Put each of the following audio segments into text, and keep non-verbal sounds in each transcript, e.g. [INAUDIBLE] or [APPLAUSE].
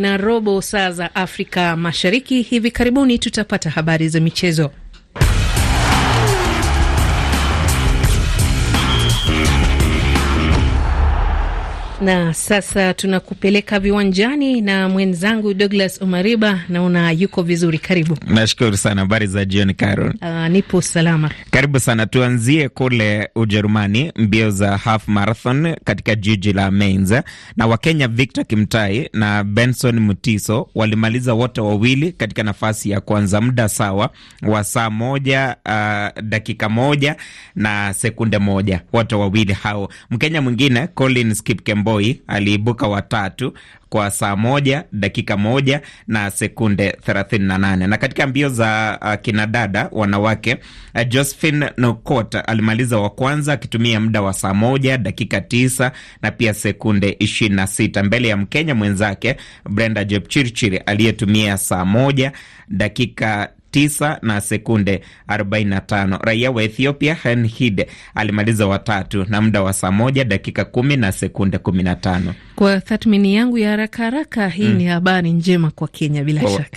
na robo saa za Afrika Mashariki. Hivi karibuni tutapata habari za michezo. Na sasa tunakupeleka viwanjani na mwenzangu Douglas Omariba, naona yuko vizuri. Karibu. Nashukuru sana. Habari za jioni, Carol? Uh, nipo salama. Karibu sana. Tuanzie kule Ujerumani, mbio za half marathon katika jiji la Mainz, na Wakenya Victor Kimtai na Benson Mutiso walimaliza wote wawili katika nafasi ya kwanza, muda sawa wa saa moja uh, dakika moja na sekunde moja, wote wawili hao. Mkenya mwingine Colin Skip Boy aliibuka watatu kwa saa moja dakika moja na sekunde thelathini Na katika mbio za uh, kinadada wanawake uh, Josephine Nokot alimaliza wa kwanza akitumia muda wa saa moja dakika tisa na pia sekunde sita mbele ya Mkenya mwenzake Brenda Jepchirchir aliyetumia saa moja dakika tisa na sekunde 45. Raia wa Ethiopia Henhid alimaliza watatu na muda wa saa moja dakika kumi na sekunde 15. Kwa tathmini yangu ya haraka haraka, hii mm. ni habari njema kwa Kenya bila kwa, shaka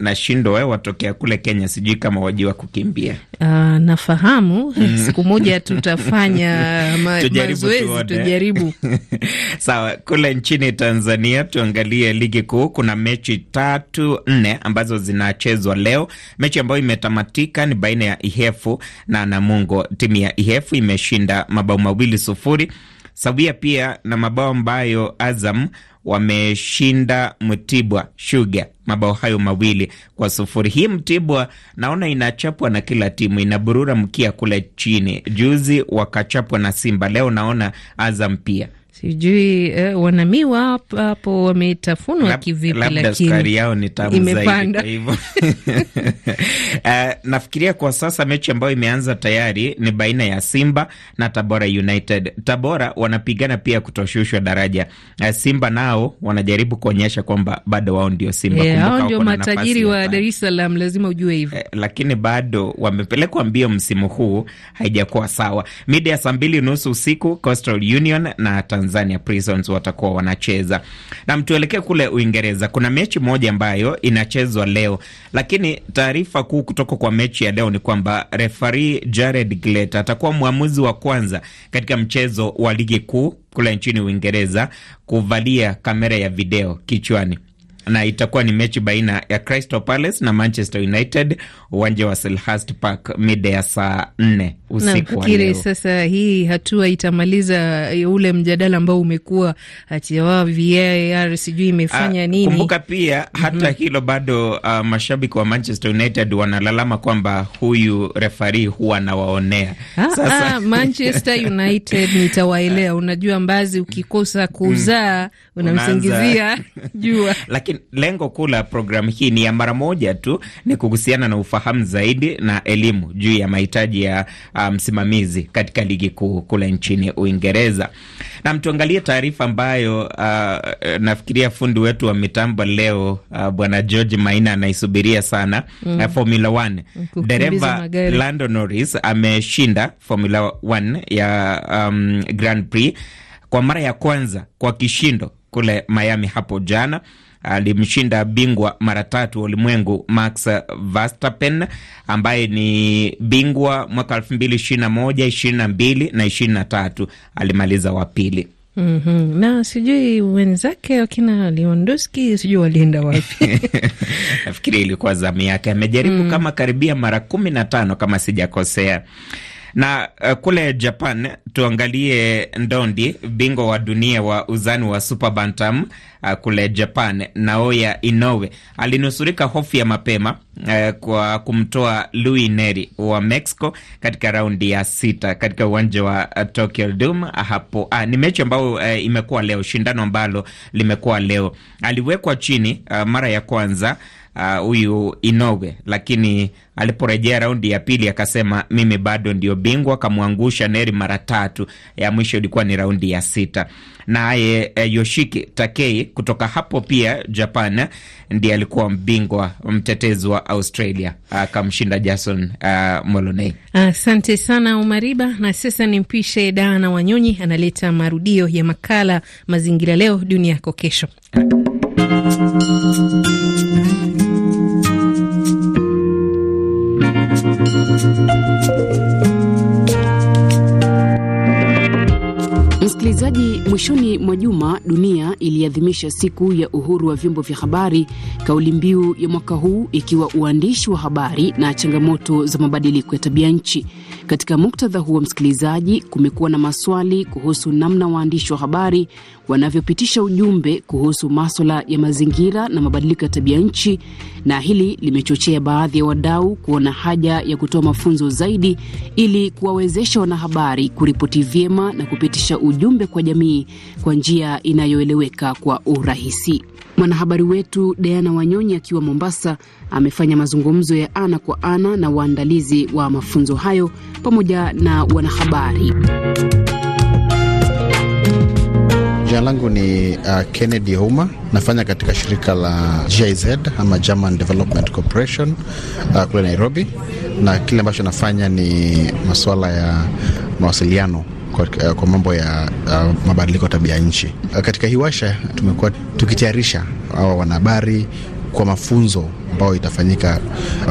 nashindwa na, na watokea kule Kenya, sijui kama wajiwa kukimbia. Uh, nafahamu mm. [LAUGHS] siku moja tutafanya [LAUGHS] ma, mazoezi tujaribu. [LAUGHS] Sawa, kule nchini Tanzania tuangalie ligi kuu. Kuna mechi tatu nne ambazo zinachezwa leo. Mechi ambayo imetamatika ni baina ya Ihefu na Namungo. Timu ya Ihefu imeshinda mabao mawili sufuri sawia pia na mabao ambayo Azam wameshinda Mtibwa shuga mabao hayo mawili kwa sufuri. Hii Mtibwa naona inachapwa na kila timu, inaburura mkia kule chini. Juzi wakachapwa na Simba, leo naona Azam pia sijui eh, wanamiwa hapo wametafunwa kivipi, lakini sukari yao ni tamu imepanda hivyo. Uh, [LAUGHS] nafikiria kwa sasa mechi ambayo imeanza tayari ni baina ya Simba na Tabora United. Tabora wanapigana pia kutoshushwa daraja. Uh, Simba nao wanajaribu kuonyesha kwamba bado wao ndio Simba, Yeah, hao ndio matajiri wa Dar es Salaam, lazima ujue hivyo. Uh, lakini bado wamepelekwa mbio msimu huu, haijakuwa sawa. Mida ya saa mbili nusu usiku Coastal Union na Tanzania Tanzania Prisons watakuwa wanacheza. Na mtuelekee kule Uingereza, kuna mechi moja ambayo inachezwa leo, lakini taarifa kuu kutoka kwa mechi ya leo ni kwamba refari Jared glet atakuwa mwamuzi wa kwanza katika mchezo wa ligi kuu kule nchini Uingereza kuvalia kamera ya video kichwani na itakuwa ni mechi baina ya Crystal Palace na Manchester United uwanja wa Selhurst Park mida ya saa nne usiku wa leo. Sasa hii hatua itamaliza e, ule mjadala ambao umekuwa ati oh, VAR sijui imefanya A, ah, nini. Kumbuka pia mhm. hata mm -hmm. hilo bado uh, mashabiki wa Manchester United wanalalama kwamba huyu refari huwa anawaonea. Ah, sasa ah, Manchester United [LAUGHS] nitawaelea, unajua mbazi ukikosa kuzaa unamsingizia [LAUGHS] jua lakini lengo kuu la programu hii ni ya mara moja tu, ni kuhusiana na ufahamu zaidi na elimu juu ya mahitaji ya ah, msimamizi um, katika ligi kuu kule nchini Uingereza. Na mtuangalie taarifa ambayo uh, nafikiria fundi wetu wa mitambo leo uh, bwana George Maina anaisubiria sana mm. uh, Formula 1 dereva Lando Norris ameshinda Formula 1 ya um, Grand Prix kwa mara ya kwanza kwa kishindo kule Miami hapo jana alimshinda bingwa mara tatu wa ulimwengu Max Verstappen ambaye ni bingwa mwaka elfu mbili ishirini na moja ishirini na mbili na ishirini na tatu alimaliza wa pili. Mm -hmm. Na sijui wenzake wakina Lewandowski sijui walienda wapi. [LAUGHS] Nafikiri ilikuwa zamu yake, amejaribu mm, kama karibia mara kumi na tano kama sijakosea. Na uh, kule Japan tuangalie ndondi, bingwa wa dunia wa uzani wa super bantam uh, kule Japan, Naoya Inoue alinusurika hofu ya mapema uh, kwa kumtoa Luis Neri wa Mexico katika raundi ya sita katika uwanja wa uh, Tokyo Dome hapo. Uh, ni mechi ambayo uh, imekuwa leo, shindano ambalo limekuwa leo. Aliwekwa chini uh, mara ya kwanza Ah, huyu uh, Inoue, lakini aliporejea raundi ya pili akasema mimi bado ndio bingwa, akamwangusha Neri mara tatu. Ya mwisho ilikuwa ni raundi ya sita. Naye e, Yoshiki Takei kutoka hapo pia Japan ndiye alikuwa mbingwa mtetezi wa Australia, akamshinda Jason uh, Moloney. Asante sana Umariba, na sasa ni mpishe Dana Wanyonyi analeta marudio ya makala Mazingira Leo Dunia Yako Kesho. Msikilizaji, mwishoni mwa juma dunia iliadhimisha siku ya uhuru wa vyombo vya habari, kauli mbiu ya mwaka huu ikiwa uandishi wa habari na changamoto za mabadiliko ya tabia nchi. Katika muktadha huo, msikilizaji, kumekuwa na maswali kuhusu namna waandishi wa habari wanavyopitisha ujumbe kuhusu maswala ya mazingira na mabadiliko ya tabia nchi, na hili limechochea baadhi ya wadau kuona haja ya kutoa mafunzo zaidi ili kuwawezesha wanahabari kuripoti vyema na kupitisha ujumbe kwa jamii kwa njia inayoeleweka kwa urahisi. Mwanahabari wetu Diana Wanyonyi akiwa Mombasa amefanya mazungumzo ya ana kwa ana na waandalizi wa mafunzo hayo pamoja na wanahabari. Jina langu ni uh, Kennedy Huma. Nafanya katika shirika la GIZ ama German Development Corporation uh, kule Nairobi, na kile ambacho nafanya ni masuala ya mawasiliano kwa, uh, kwa mambo ya uh, mabadiliko ya tabia nchi. Katika hii washa tumekuwa tukitayarisha hawa wanahabari kwa mafunzo ambayo itafanyika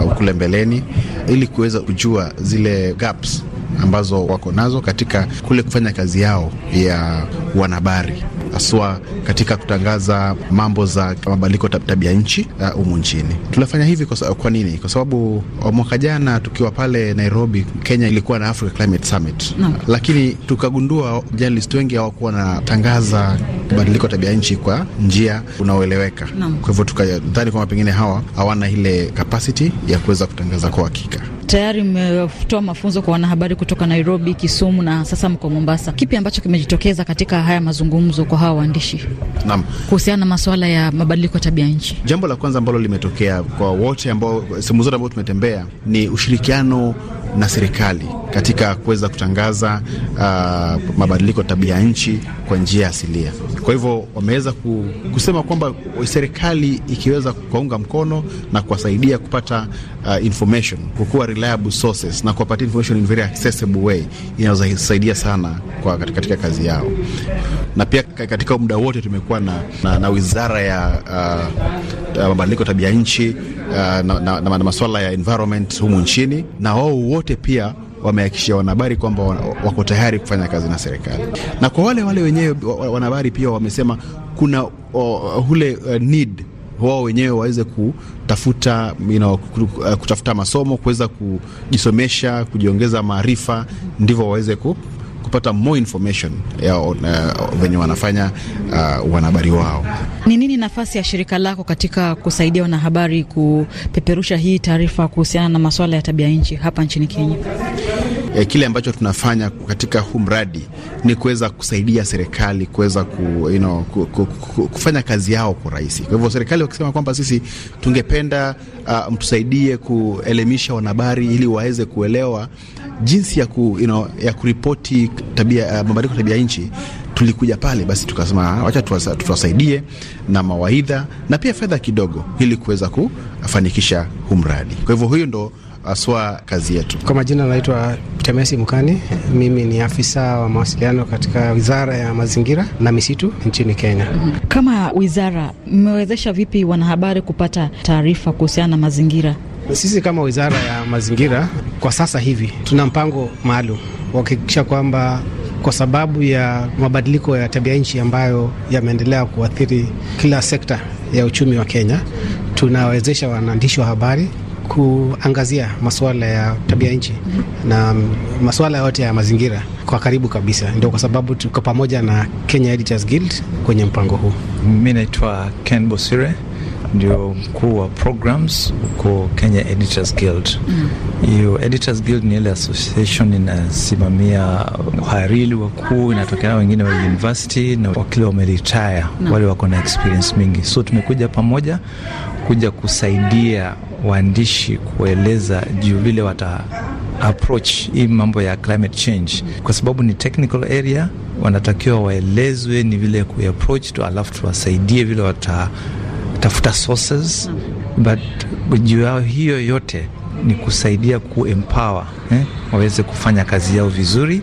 uh, kule mbeleni ili kuweza kujua zile gaps ambazo wako nazo katika kule kufanya kazi yao ya wanahabari haswa katika kutangaza mambo za mabadiliko tabia nchi uh, humu nchini. Tunafanya hivi kwa, kwa nini? Kwa sababu uh, mwaka jana tukiwa pale Nairobi, Kenya ilikuwa na Africa Climate Summit no. Lakini tukagundua journalist wengi hawakuwa wanatangaza mabadiliko tabia nchi kwa njia unaoeleweka no. Kwa hivyo tukadhani kwamba pengine hawa hawana ile capacity ya kuweza kutangaza kwa hakika. Tayari mmetoa mafunzo kwa wanahabari kutoka Nairobi, Kisumu na sasa mko Mombasa. Kipi ambacho kimejitokeza katika haya mazungumzo kwa hawa waandishi? Naam, kuhusiana na masuala ya mabadiliko ya tabia nchi, jambo la kwanza ambalo limetokea kwa wote ambao, sehemu zote ambao tumetembea, ni ushirikiano na serikali katika kuweza kutangaza uh, mabadiliko ya tabia nchi kwa njia asilia. Kwa hivyo wameweza kusema kwamba serikali ikiweza kuwaunga mkono na kuwasaidia kupata uh, information, kukuwa reliable sources na kuwapatia information in very accessible way, inawasaidia sana kwa katika kazi yao. Na pia katika muda wote tumekuwa na, na, na wizara ya uh, mabadiliko tabia nchi uh, na, na, na, na masuala ya environment humu nchini, na wao wote pia wamehakikishia wanahabari kwamba wako tayari kufanya kazi na serikali, na kwa wale wale wenyewe wanahabari pia wamesema kuna o, hule uh, need wao wenyewe waweze kutafuta you know, uh, kutafuta masomo, kuweza kujisomesha, kujiongeza maarifa, ndivyo waweze kupata more information ya uh, venye wanafanya uh, wanahabari wao. Ni nini nafasi ya shirika lako katika kusaidia wanahabari kupeperusha hii taarifa kuhusiana na masuala ya tabia nchi hapa nchini Kenya? eh, kile ambacho tunafanya katika huu mradi ni kuweza kusaidia serikali kuweza ku, you know, ku, ku, ku, kufanya kazi yao kwa urahisi. Kwa hivyo serikali wakisema kwamba sisi tungependa uh, mtusaidie kuelimisha wanahabari ili waweze kuelewa jinsi ya, ku, you know, ya kuripoti tabia uh, mabadiliko tabia nchi tulikuja pale basi tukasema ah, wacha tuwasaidie na mawaidha na pia fedha kidogo ili kuweza kufanikisha huu mradi. Kwa hivyo huyu ndo haswa kazi yetu. Kwa majina naitwa Temesi mukani mimi ni afisa wa mawasiliano katika wizara ya mazingira na misitu nchini Kenya. Kama wizara, mmewezesha vipi wanahabari kupata taarifa kuhusiana na mazingira? Sisi kama wizara ya mazingira kwa sasa hivi tuna mpango maalum kuhakikisha kwamba kwa sababu ya mabadiliko ya tabia nchi ambayo yameendelea kuathiri kila sekta ya uchumi wa Kenya, tunawezesha wanaandishi wa habari kuangazia masuala ya tabia nchi na masuala yote ya mazingira kwa karibu kabisa. Ndio kwa sababu tuko pamoja na Kenya Editors Guild kwenye mpango huu. Mi naitwa Ken Bosire ndio mkuu wa programs huko Kenya Editors Guild. Mm. Hiyo mm. Editors Guild ni ile association inasimamia wahariri wakuu, inatokea wengine wa university na wakili wameretire no. wale wako na experience mingi, so tumekuja pamoja kuja kusaidia waandishi kueleza juu vile wata approach hii mambo ya climate change, kwa sababu ni technical area, wanatakiwa waelezwe ni vile approach tu, alafu tuwasaidie vile wata tafuta sources, but juu ya hiyo yote ni kusaidia kuempower eh, waweze kufanya kazi yao vizuri.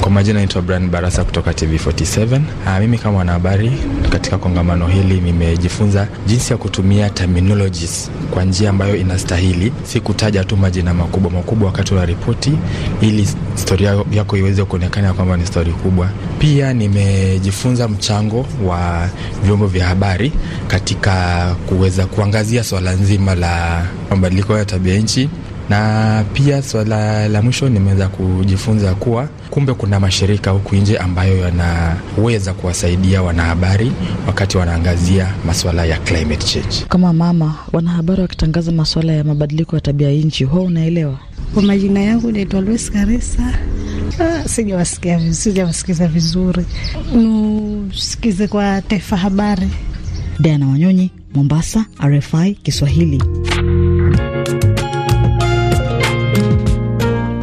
Kwa majina naitwa Brian Barasa kutoka TV47. Aa, ah, mimi kama mwanahabari katika kongamano hili nimejifunza jinsi ya kutumia terminologies kwa njia ambayo inastahili, si kutaja tu majina makubwa makubwa wakati wa ripoti, ili stori yako iweze kuonekana kwamba ni stori kubwa. Pia nimejifunza mchango wa vyombo vya habari katika kuweza kuangazia swala nzima la mabadiliko ya tabia nchi na pia swala la mwisho nimeweza kujifunza kuwa kumbe kuna mashirika huku nje ambayo yanaweza kuwasaidia wanahabari wakati wanaangazia maswala ya climate change. Kama mama wanahabari wakitangaza maswala ya mabadiliko ya tabia nchi, huwa unaelewa? Kwa majina yangu naitwa Lois Karesa. Ah, sijawasikia vizuri, sijawasikiza vizuri, nusikize kwa Taifa Habari. Diana Wanyonyi, Mombasa, RFI Kiswahili.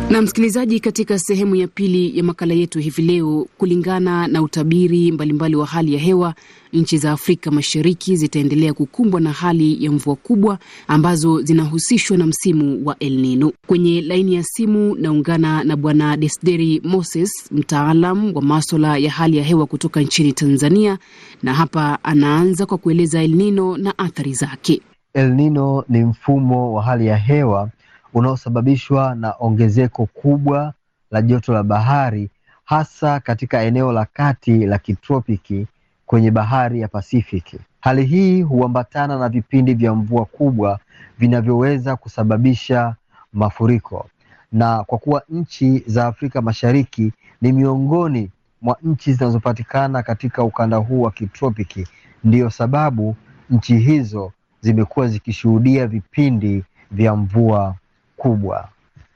Na msikilizaji, katika sehemu ya pili ya makala yetu hivi leo, kulingana na utabiri mbalimbali mbali wa hali ya hewa, nchi za Afrika Mashariki zitaendelea kukumbwa na hali ya mvua kubwa ambazo zinahusishwa na msimu wa El Nino. Kwenye laini ya simu naungana na Bwana Desderi Moses, mtaalam wa maswala ya hali ya hewa kutoka nchini Tanzania, na hapa anaanza kwa kueleza El Nino na athari zake. El Nino ni mfumo wa hali ya hewa unaosababishwa na ongezeko kubwa la joto la bahari hasa katika eneo la kati la kitropiki kwenye bahari ya Pasifiki. Hali hii huambatana na vipindi vya mvua kubwa vinavyoweza kusababisha mafuriko. Na kwa kuwa nchi za Afrika Mashariki ni miongoni mwa nchi zinazopatikana katika ukanda huu wa kitropiki, ndiyo sababu nchi hizo zimekuwa zikishuhudia vipindi vya mvua kubwa.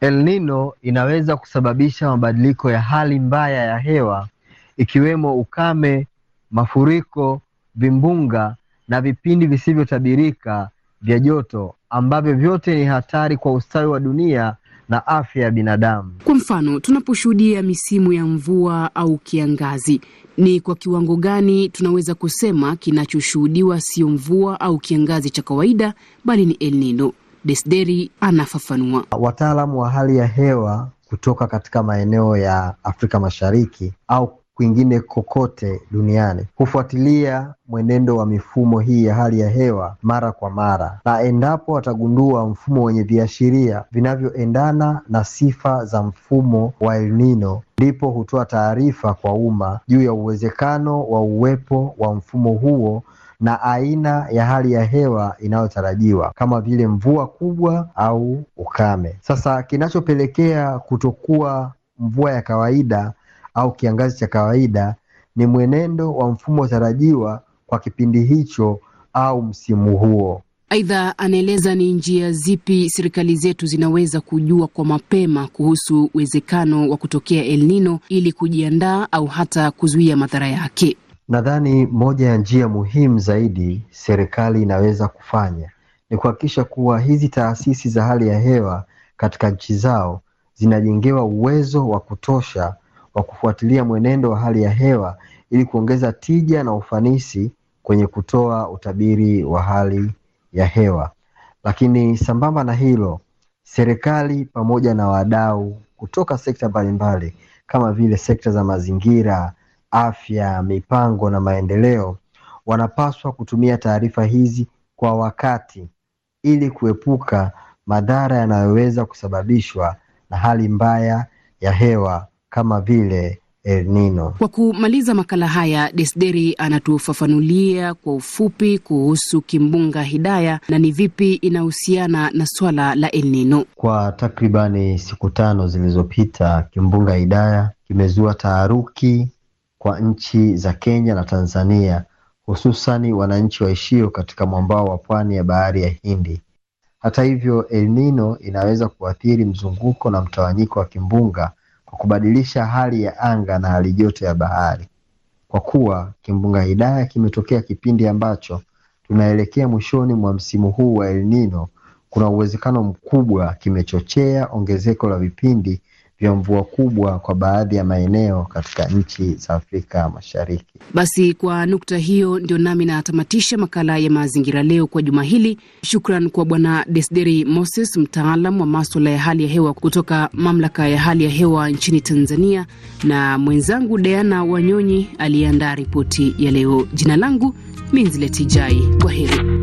El Nino inaweza kusababisha mabadiliko ya hali mbaya ya hewa ikiwemo ukame, mafuriko, vimbunga na vipindi visivyotabirika vya joto ambavyo vyote ni hatari kwa ustawi wa dunia na afya ya binadamu. Kwa mfano, tunaposhuhudia misimu ya mvua au kiangazi, ni kwa kiwango gani tunaweza kusema kinachoshuhudiwa sio mvua au kiangazi cha kawaida bali ni El Nino? Desderi anafafanua. Wataalamu wa hali ya hewa kutoka katika maeneo ya Afrika Mashariki au kwingine kokote duniani hufuatilia mwenendo wa mifumo hii ya hali ya hewa mara kwa mara, na endapo watagundua mfumo wenye viashiria vinavyoendana na sifa za mfumo wa El Nino ndipo hutoa taarifa kwa umma juu ya uwezekano wa uwepo wa mfumo huo na aina ya hali ya hewa inayotarajiwa kama vile mvua kubwa au ukame. Sasa kinachopelekea kutokuwa mvua ya kawaida au kiangazi cha kawaida ni mwenendo wa mfumo tarajiwa kwa kipindi hicho au msimu huo. Aidha, anaeleza ni njia zipi serikali zetu zinaweza kujua kwa mapema kuhusu uwezekano wa kutokea El Nino ili kujiandaa au hata kuzuia madhara yake. Nadhani moja ya njia muhimu zaidi serikali inaweza kufanya ni kuhakikisha kuwa hizi taasisi za hali ya hewa katika nchi zao zinajengewa uwezo wa kutosha wa kufuatilia mwenendo wa hali ya hewa ili kuongeza tija na ufanisi kwenye kutoa utabiri wa hali ya hewa. Lakini sambamba na hilo, serikali pamoja na wadau kutoka sekta mbalimbali kama vile sekta za mazingira, afya, mipango na maendeleo, wanapaswa kutumia taarifa hizi kwa wakati ili kuepuka madhara yanayoweza kusababishwa na hali mbaya ya hewa kama vile El Nino. Kwa kumaliza makala haya, Desderi anatufafanulia kwa ufupi kuhusu kimbunga Hidaya na ni vipi inahusiana na swala la El Nino. Kwa takribani siku tano zilizopita, kimbunga Hidaya kimezua taharuki kwa nchi za Kenya na Tanzania, hususani wananchi waishio katika mwambao wa pwani ya bahari ya Hindi. Hata hivyo, El Nino inaweza kuathiri mzunguko na mtawanyiko wa kimbunga kwa kubadilisha hali ya anga na hali joto ya bahari, kwa kuwa kimbunga Hidaya kimetokea kipindi ambacho tunaelekea mwishoni mwa msimu huu wa El Nino. Kuna uwezekano mkubwa kimechochea ongezeko la vipindi vya mvua kubwa kwa baadhi ya maeneo katika nchi za Afrika Mashariki. Basi kwa nukta hiyo ndio nami natamatisha makala ya mazingira leo kwa juma hili. Shukran kwa Bwana Desderi Moses, mtaalam wa maswala ya hali ya hewa kutoka mamlaka ya hali ya hewa nchini Tanzania, na mwenzangu Deana Wanyonyi aliyeandaa ripoti ya leo. Jina langu Minzletijai, kwa heri.